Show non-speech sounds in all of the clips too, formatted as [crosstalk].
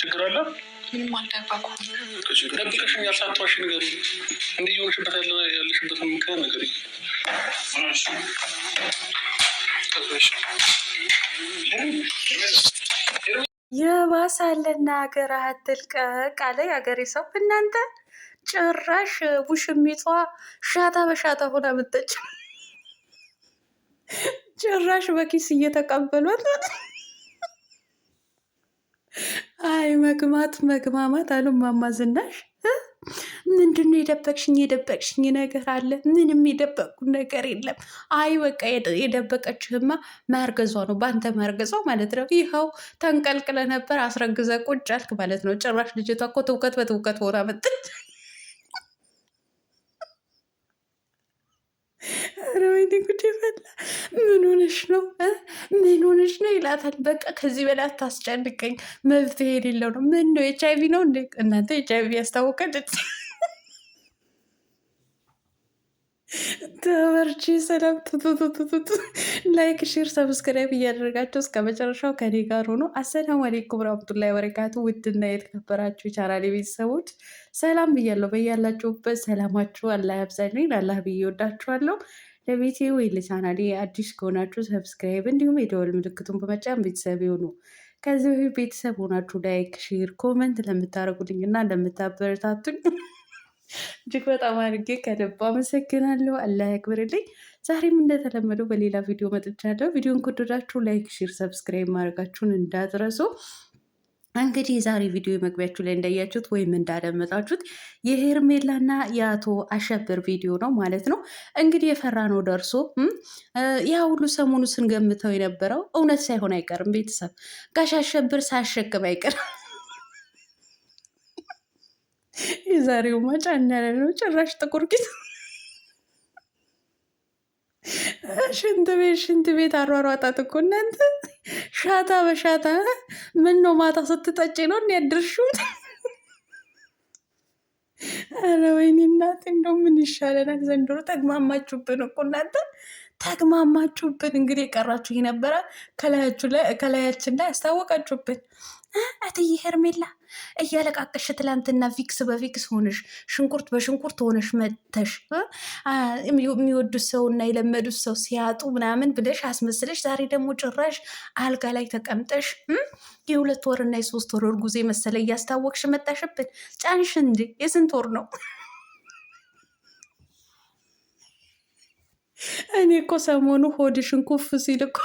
ችግር አለ። ምንም አልገባኩም። ነገር እንዲህ የሆንሽበት ያለሽበትን ምክንያት ነገር የባሳለና ሀገር አትልቀቅ አለ የሀገሬ ሰው። እናንተ ጭራሽ ውሽሚቷ ሻታ በሻታ ሆና ምጠጭ ጭራሽ በኪስ እየተቀበሏል አይ መግማት መግማማት አሉ እማማ ዝናሽ። ምንድን ነው የደበቅሽኝ? የደበቅሽኝ ነገር አለ? ምንም የደበቅኩ ነገር የለም። አይ በቃ የደበቀችህማ መርገዟ ነው፣ በአንተ ማርገዟ ማለት ነው። ይኸው ተንቀልቅለ ነበር አስረግዘ ቁጭ አልክ ማለት ነው። ጭራሽ ልጅቷ እኮ ትውከት በትውከት ሆና መጥች ኧረ ወይኔ ጉዴ ፈላ። ምን ሆነሽ ነው? ምን ሆነሽ ነው ይላታል። በቃ ከዚህ በላይ አታስጨንቀኝ፣ መፍትሄ የሌለው ነው። ምን ነው ኤች አይቪ ነው እንዴ? እናንተ ኤች አይቪ ያስታወቀል ተመርቺ ሰላም ቱቱቱቱቱ ላይክ ሼር ሰብስክራይብ እያደረጋቸው እስከ መጨረሻው ከኔ ጋር ሆኖ። አሰላሙ አሌይኩም ረህመቱላሂ ወበረካቱ። ውድና የተከበራችሁ የቻናሌ ቤተሰቦች ሰላም ብያለሁ። በያላችሁበት ሰላማችሁ አላህ ያብዛልኝ። አላህ ብዬ ወዳችኋለሁ። ለቤቴ ወይ ለቻናሌ አዲስ ከሆናችሁ ሰብስክራይብ እንዲሁም የደወል ምልክቱን በመጫን ቤተሰብ የሆኑ ከዚህ በፊት ቤተሰብ ሆናችሁ ላይክ፣ ሼር፣ ኮመንት ለምታደርጉልኝ እና ለምታበረታቱኝ [laughs] እጅግ በጣም አድርጌ ከልብ አመሰግናለሁ። አላህ ያክብርልኝ። ዛሬም እንደተለመደው በሌላ ቪዲዮ መጥቻለሁ። ቪዲዮን ከወደዳችሁ ላይክ፣ ሼር፣ ሰብስክራይብ ማድረጋችሁን እንዳትረሱ። እንግዲህ የዛሬ ቪዲዮ መግቢያችሁ ላይ እንዳያችሁት ወይም እንዳደመጣችሁት የሄርሜላና የአቶ አሸብር ቪዲዮ ነው ማለት ነው። እንግዲህ የፈራ ነው ደርሶ ያ ሁሉ ሰሞኑ ስንገምተው የነበረው እውነት ሳይሆን አይቀርም። ቤተሰብ ጋሽ አሸብር ሳያሸክም አይቀርም። የዛሬው ማጫ ነው ጭራሽ ጥቁር ጊዜ ሽንት ቤት ሽንት ቤት አሯሯጣት እኮ እናንተ ሻታ በሻታ ምን ነው ማታ ስትጠጪ ነው እንያድርሹት አረ ወይኔ እናት እንደው ምን ይሻለናል ዘንድሮ። ተግማማችሁብን እኮ እናንተ ተግማማችሁብን። እንግዲህ የቀራችሁ ነበረ ከላያችን ላይ አስታወቃችሁብን። እትዬ ሄርሜላ እያለቃቀሽ ትላንትና ቪክስ በቪክስ ሆነሽ ሽንኩርት በሽንኩርት ሆነሽ መጥተሽ የሚወዱት እና የለመዱት ሰው ሲያጡ ምናምን ብለሽ አስመስለሽ፣ ዛሬ ደግሞ ጭራሽ አልጋ ላይ ተቀምጠሽ የሁለት ወር እና የሶስት ወር ጉዜ መሰለ እያስታወቅሽ መጣሽብን። ጫንሽ እንዴ? የስንት ወር ነው? እኔ እኮ ሰሞኑ ሆድሽን ኩፍ ሲል እኮ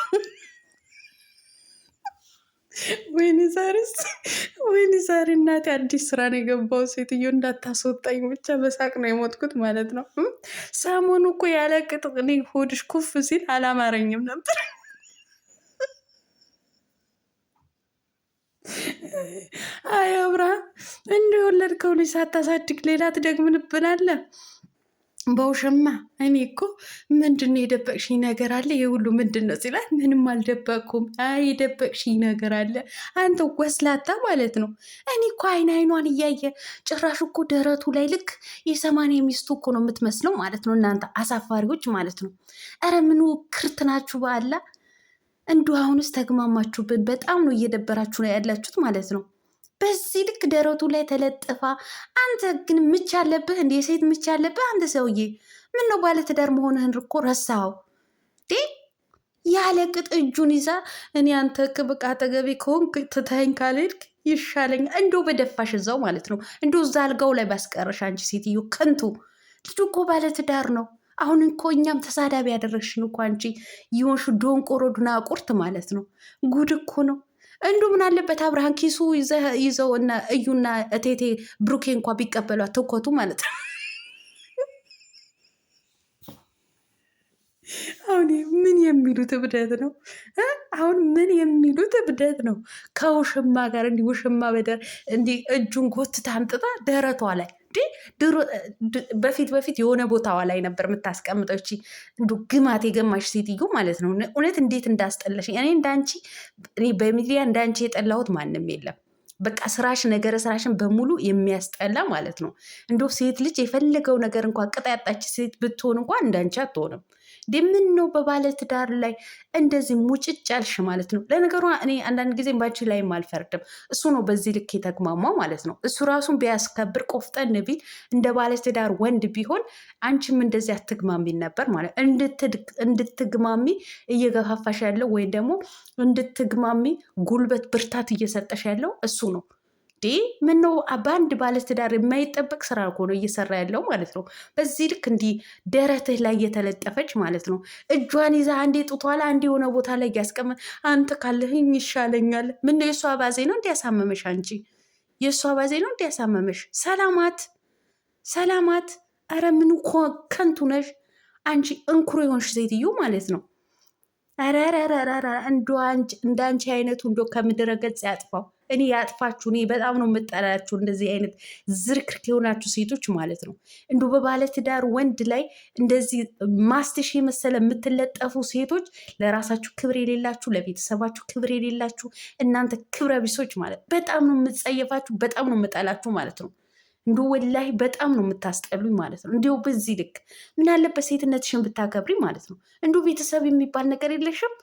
ወይኔ ዛሬ ወይኔ ዛሬ እናቴ አዲስ ስራ ነው የገባው። ሴትዮ እንዳታስወጣኝ ብቻ በሳቅ ነው የሞትኩት ማለት ነው። ሰሞኑ እኮ ያለ እኔ ሆድሽ ኩፍ ሲል አላማረኝም ነበር። አይ አብርሃ እንደ የወለድከው ልጅ ሳታሳድግ ሌላ ትደግምንብናለህ። በውሸማ እኔ እኮ ምንድን ነው የደበቅሽኝ ነገር አለ? ይህ ሁሉ ምንድን ነው ሲላት፣ ምንም አልደበቅኩም። አይ የደበቅሽኝ ነገር አለ አንተ ወስላታ ማለት ነው። እኔ እኮ አይን አይኗን እያየ ጭራሽ እኮ ደረቱ ላይ ልክ የሰማንያ ሚስቱ እኮ ነው የምትመስለው ማለት ነው። እናንተ አሳፋሪዎች ማለት ነው። ኧረ ምኑ ክርት ናችሁ በአላ እንዱ። አሁንስ ተግማማችሁብን። በጣም ነው እየደበራችሁ ነው ያላችሁት ማለት ነው። በዚህ ልክ ደረቱ ላይ ተለጥፋ፣ አንተ ግን ምች አለብህ እንዴ የሴት ምች አለብህ አንተ ሰውዬ፣ ምን ነው ባለትዳር መሆንህን እኮ ያለ ቅጥ እጁን ይዛ እኔ አንተ ክብቃ አጠገቤ ከሆንክ ትተኸኝ ካልሄድክ ይሻለኝ እንዶ በደፋሽ እዛው ማለት ነው እንዶ እዛ አልጋው ላይ ባስቀረሽ አንቺ ሴትዮ ከንቱ ልጁ እኮ ባለትዳር ነው አሁን እኮ እኛም ተሳዳቢ ያደረግሽን እኮ አንቺ የሆንሽ ዶንቆሮ ዱናቁርት ማለት ነው ጉድ እኮ ነው እንዱ ምን አለበት አብርሃን ኪሱ ይዘው እና እዩና እቴቴ ብሩኬ እንኳ ቢቀበሏት ትኮቱ ማለት ነው። አሁን ምን የሚሉት እብደት ነው? አሁን ምን የሚሉት እብደት ነው? ከውሽማ ጋር እንዲህ ውሽማ በደር እንዲህ እጁን ጎትታ አምጥታ ደረቷ ላይ በፊት በፊት የሆነ ቦታዋ ላይ ነበር የምታስቀምጠው እቺ እንዱ ግማት የገማሽ ሴትዮ ማለት ነው። እውነት እንዴት እንዳስጠላሽ! እኔ እንዳንቺ በሚዲያ እንዳንቺ የጠላሁት ማንም የለም። በቃ ስራሽ ነገረ ስራሽን በሙሉ የሚያስጠላ ማለት ነው። እንዶ ሴት ልጅ የፈለገው ነገር እንኳ ቅጣ ያጣች ሴት ብትሆን እንኳ እንዳንቺ አትሆንም። ደምን ነው በባለ ትዳር ላይ እንደዚህ ሙጭጭ ያልሽ ማለት ነው። ለነገሩ እኔ አንዳንድ ጊዜ ባንቺ ላይም አልፈርድም። እሱ ነው በዚህ ልክ የተግማማ ማለት ነው። እሱ ራሱን ቢያስከብር ቆፍጠን ቢል እንደ ባለ ትዳር ወንድ ቢሆን አንቺም እንደዚህ አትግማሚ ነበር ማለት እንድትግማሚ እየገፋፋሽ ያለው ወይም ደግሞ እንድትግማሚ ጉልበት ብርታት እየሰጠሽ ያለው እሱ ነው። ዴ ምነው በአንድ ባለትዳር የማይጠበቅ ስራ እኮ ነው እየሰራ ያለው ማለት ነው። በዚህ ልክ እንዲህ ደረትህ ላይ የተለጠፈች ማለት ነው። እጇን ይዛ አንዴ ጡቷ ላይ አንዴ የሆነ ቦታ ላይ እያስቀመ አንተ ካለህኝ ይሻለኛል። ምነው የእሱ አባዜ ነው እንዲያሳመመሽ? አንቺ የእሱ አባዜ ነው እንዲያሳመመሽ? ሰላማት ሰላማት፣ ኧረ ምኑ ከንቱ ነሽ አንቺ እንኩሮ የሆንሽ ሴትዮ ማለት ነው። ኧረ እንደ አንቺ አይነቱ እንዶ ከምድረ ገጽ ያጥፋው። እኔ ያጥፋችሁ። እኔ በጣም ነው የምጠላችሁ እንደዚህ አይነት ዝርክርክ የሆናችሁ ሴቶች ማለት ነው። እንዲ በባለትዳር ወንድ ላይ እንደዚህ ማስትሽ የመሰለ የምትለጠፉ ሴቶች ለራሳችሁ ክብር የሌላችሁ፣ ለቤተሰባችሁ ክብር የሌላችሁ እናንተ ክብረ ቢሶች ማለት በጣም ነው የምትጸየፋችሁ፣ በጣም ነው የምጠላችሁ ማለት ነው። እንዲ ወላሂ በጣም ነው የምታስጠሉኝ ማለት ነው። እንዲሁ በዚህ ልክ ምን ያለበት ሴትነትሽን ብታከብሪ ማለት ነው። እንዲ ቤተሰብ የሚባል ነገር የለሽም።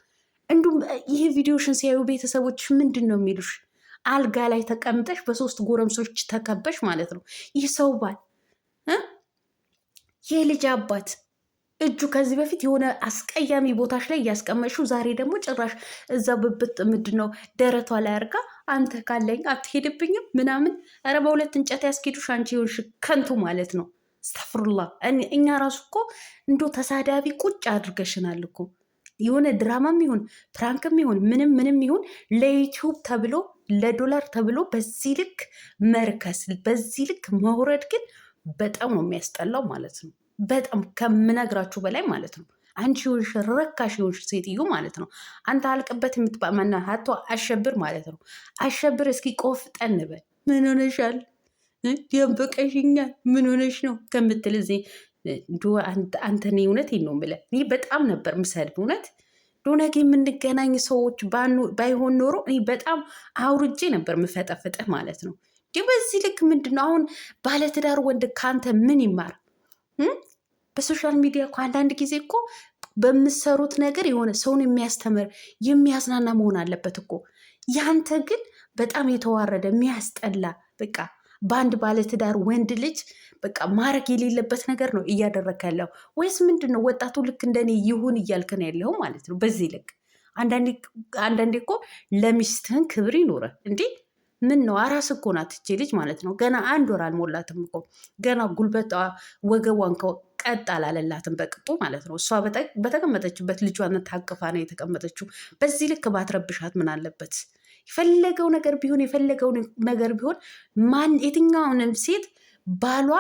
እንዲሁም ይህ ቪዲዮሽን ሲያዩ ቤተሰቦች ምንድን ነው የሚሉሽ? አልጋ ላይ ተቀምጠሽ በሶስት ጎረምሶች ተከበሽ ማለት ነው። ይህ ሰው ባል የልጅ አባት እጁ ከዚህ በፊት የሆነ አስቀያሚ ቦታሽ ላይ እያስቀመጥሽው፣ ዛሬ ደግሞ ጭራሽ እዛ ብብት ምንድን ነው ደረቷ ላይ አርጋ አንተ ካለኝ አትሄድብኝም ምናምን። ኧረ በሁለት እንጨት ያስኬዱሽ አንቺ የሆንሽ ከንቱ ማለት ነው። ስተፍሩላ እኛ ራሱ እኮ እንዶ ተሳዳቢ ቁጭ አድርገሽናል እኮ የሆነ ድራማም ይሁን ፕራንክም ይሁን ምንም ምንም ይሁን ለዩቲዩብ ተብሎ ለዶላር ተብሎ በዚህ ልክ መርከስ በዚህ ልክ መውረድ ግን በጣም ነው የሚያስጠላው ማለት ነው። በጣም ከምነግራችሁ በላይ ማለት ነው። አንቺ ሆንሽ ረካሽ ሆንሽ ሴትዮ ማለት ነው። አንተ አልቅበት የምትባመና ሀቶ አሸብር ማለት ነው። አሸብር እስኪ ቆፍጠን በል ምን ሆነሻል? ደበቀሽኛል ምን ሆነሽ ነው ከምትል እዚህ ዱዋ አንተኔ እውነቴን ነው የምልህ እኔ በጣም ነበር ምሰድ እውነት ዶነግ የምንገናኝ ሰዎች ባይሆን ኖሮ እኔ በጣም አውርጄ ነበር ምፈጠፍጥህ ማለት ነው። እንዲህ በዚህ ልክ ምንድን ነው አሁን ባለትዳር ወንድ ከአንተ ምን ይማር? በሶሻል ሚዲያ እኮ አንዳንድ ጊዜ እኮ በምሰሩት ነገር የሆነ ሰውን የሚያስተምር የሚያዝናና መሆን አለበት እኮ። ያንተ ግን በጣም የተዋረደ የሚያስጠላ በቃ በአንድ ባለትዳር ወንድ ልጅ በቃ ማድረግ የሌለበት ነገር ነው እያደረግ ያለው ወይስ ምንድን ነው? ወጣቱ ልክ እንደኔ ይሁን እያልክ ነው ያለው ማለት ነው። በዚህ ልክ አንዳንዴ እኮ ለሚስትህን ክብር ይኖረ እንዴ! ምን ነው አራስ እኮ ናት እቺ ልጅ ማለት ነው። ገና አንድ ወር አልሞላትም እኮ ገና ጉልበቷ ወገቧን ቀጥ አላለላትም በቅጡ ማለት ነው። እሷ በተቀመጠችበት ልጇን ታቅፋ ነው የተቀመጠችው። በዚህ ልክ ባትረብሻት ምን አለበት? የፈለገው ነገር ቢሆን የፈለገው ነገር ቢሆን ማን የትኛውንም ሴት ባሏ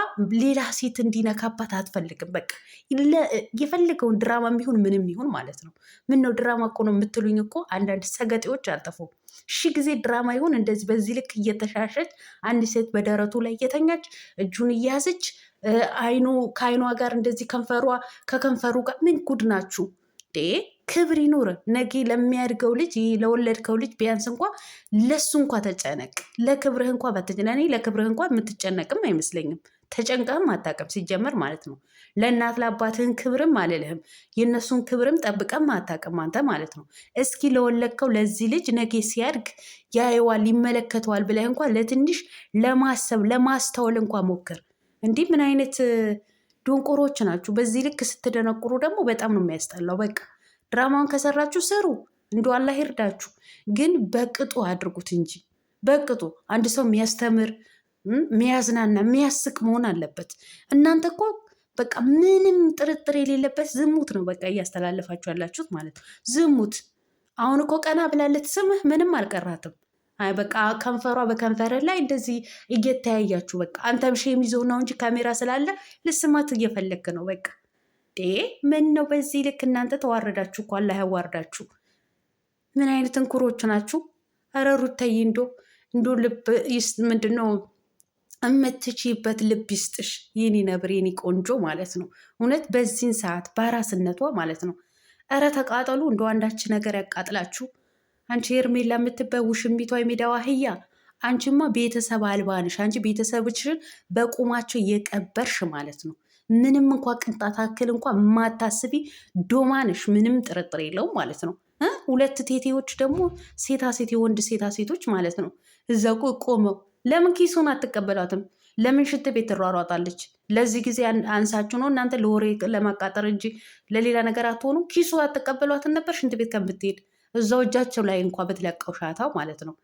ሌላ ሴት እንዲነካባት አትፈልግም። በቃ የፈለገውን ድራማ ቢሆን ምንም ይሁን ማለት ነው። ምን ነው ድራማ እኮ ነው የምትሉኝ እኮ አንዳንድ ሰገጤዎች አጠፉ ሺ ጊዜ ድራማ ይሁን እንደዚህ በዚህ ልክ እየተሻሸች አንድ ሴት በደረቱ ላይ እየተኛች እጁን እያያዘች አይኑ ከአይኗ ጋር እንደዚህ ከንፈሯ ከከንፈሩ ጋር ምን ጉድ ናችሁ? እንዴ ክብር ይኑር። ነገ ለሚያድገው ልጅ ለወለድከው ልጅ ቢያንስ እንኳ ለሱ እንኳ ተጨነቅ። ለክብርህ እንኳ እኔ ለክብርህ እንኳ የምትጨነቅም አይመስለኝም። ተጨንቀህም አታውቅም ሲጀመር ማለት ነው። ለእናት ለአባትህን ክብርም አልልህም፣ የእነሱን ክብርም ጠብቀም አታውቅም አንተ ማለት ነው። እስኪ ለወለድከው ለዚህ ልጅ ነገ ሲያድግ ያየዋል ይመለከተዋል ብለህ እንኳ ለትንሽ ለማሰብ ለማስተዋል እንኳ ሞክር። እንዲህ ምን አይነት ድንቁሮች ናችሁ? በዚህ ልክ ስትደነቁሩ ደግሞ በጣም ነው የሚያስጠላው። በቃ ድራማውን ከሰራችሁ ስሩ፣ እንደ አላህ ይርዳችሁ። ግን በቅጡ አድርጉት እንጂ በቅጡ አንድ ሰው የሚያስተምር የሚያዝናና የሚያስቅ መሆን አለበት። እናንተ እኮ በቃ ምንም ጥርጥር የሌለበት ዝሙት ነው በቃ እያስተላለፋችሁ ያላችሁት ማለት ነው። ዝሙት አሁን እኮ ቀና ብላለት ስምህ ምንም አልቀራትም። አይ በቃ ከንፈሯ በከንፈር ላይ እንደዚህ እየተያያችሁ በቃ አንተም ሼም ይዞ ነው እንጂ ካሜራ ስላለ ልስማት እየፈለክ ነው በቃ ምን ነው በዚህ ልክ እናንተ ተዋረዳችሁ እኮ አላህ ያዋርዳችሁ። ምን አይነት እንኩሮች ናችሁ? ኧረ ሩታዬ እንዶ እንዶ ልብ ምንድን ነው የምትችይበት ልብ ይስጥሽ የኔ ነብር የኔ ቆንጆ ማለት ነው። እውነት በዚህን ሰዓት በአራስነቷ ማለት ነው። ኧረ ተቃጠሉ እንደ አንዳች ነገር ያቃጥላችሁ። አንቺ ሄርሜላ የምትበ ውሽሚቷ የሜዳዋ አህያ አንቺማ ቤተሰብ አልባ ነሽ። አንቺ ቤተሰብሽን በቁማቸው የቀበርሽ ማለት ነው። ምንም እንኳ ቅንጣት አክል እንኳ ማታስቢ ዶማንሽ ምንም ጥርጥር የለውም ማለት ነው። ሁለት ቴቴዎች ደግሞ ሴታ ሴቴ ወንድ ሴታ ሴቶች ማለት ነው። እዛ ቆመው ለምን ኪሱን አትቀበሏትም? ለምን ሽንት ቤት ትሯሯጣለች? ለዚህ ጊዜ አንሳችሁ ነው እናንተ ለወሬ ለማቃጠር እንጂ ለሌላ ነገር አትሆኑ። ኪሱ አትቀበሏትን ነበር ሽንት ቤት ከምትሄድ እዛው እጃቸው ላይ እንኳ ብትለቀው ሻታው ማለት ነው።